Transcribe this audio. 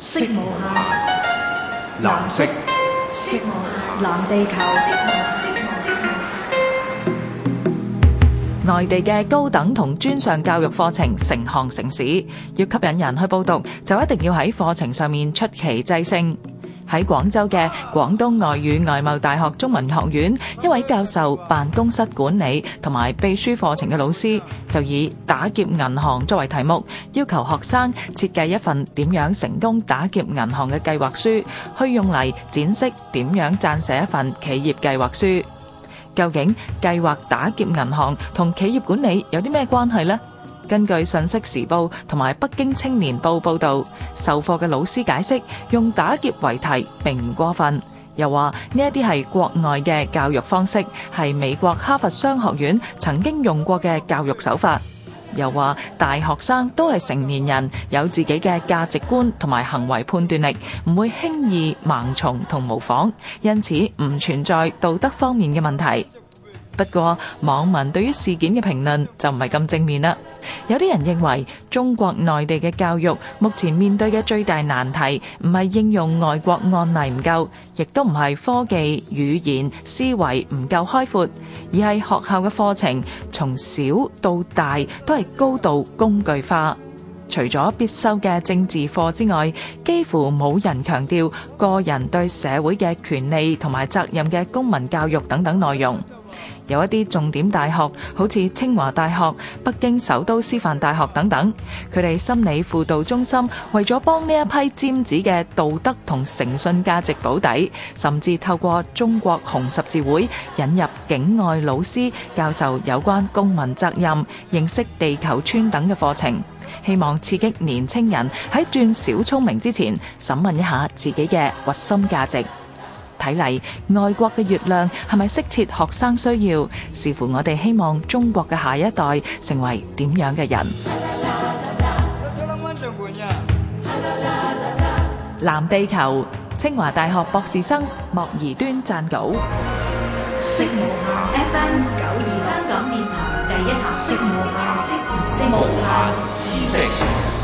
色無限，藍色，藍地球。內地嘅高等同專上教育課程成行成市，要吸引人去報讀，就一定要喺課程上面出奇制勝。喺廣州嘅廣東外語外貿大學中文學院，一位教授辦公室管理同埋秘書課程嘅老師，就以打劫銀行作為題目，要求學生設計一份點樣成功打劫銀行嘅計劃書，去用嚟展示點樣撰寫一份企業計劃書。究竟，計劃打劫銀行同企業管理有啲咩關係呢？根據信息時報同埋北京青年報報道，授課嘅老師解釋，用打劫為題並唔過分，又話呢一啲係國外嘅教育方式，係美國哈佛商學院曾經用過嘅教育手法，又話大學生都係成年人，有自己嘅價值觀同埋行為判斷力，唔會輕易盲從同模仿，因此唔存在道德方面嘅問題。不過網民對於事件嘅評論就唔係咁正面啦。有啲人認為中國內地嘅教育目前面對嘅最大難題唔係應用外國案例唔夠，亦都唔係科技、語言、思維唔夠開闊，而係學校嘅課程從小到大都係高度工具化。除咗必修嘅政治課之外，幾乎冇人強調個人對社會嘅權利同埋責任嘅公民教育等等內容。有一啲重點大學，好似清華大學、北京首都師範大學等等，佢哋心理輔導中心為咗幫呢一批尖子嘅道德同誠信價值保底，甚至透過中國紅十字會引入境外老師教授有關公民責任、認識地球村等嘅課程，希望刺激年青人喺轉小聰明之前審問一下自己嘅核心價值。睇嚟，外國嘅月亮係咪適切學生需要？視乎我哋希望中國嘅下一代成為點樣嘅人。藍地球，清華大學博士生莫宜端撰稿。FM 九二香港電台第一台。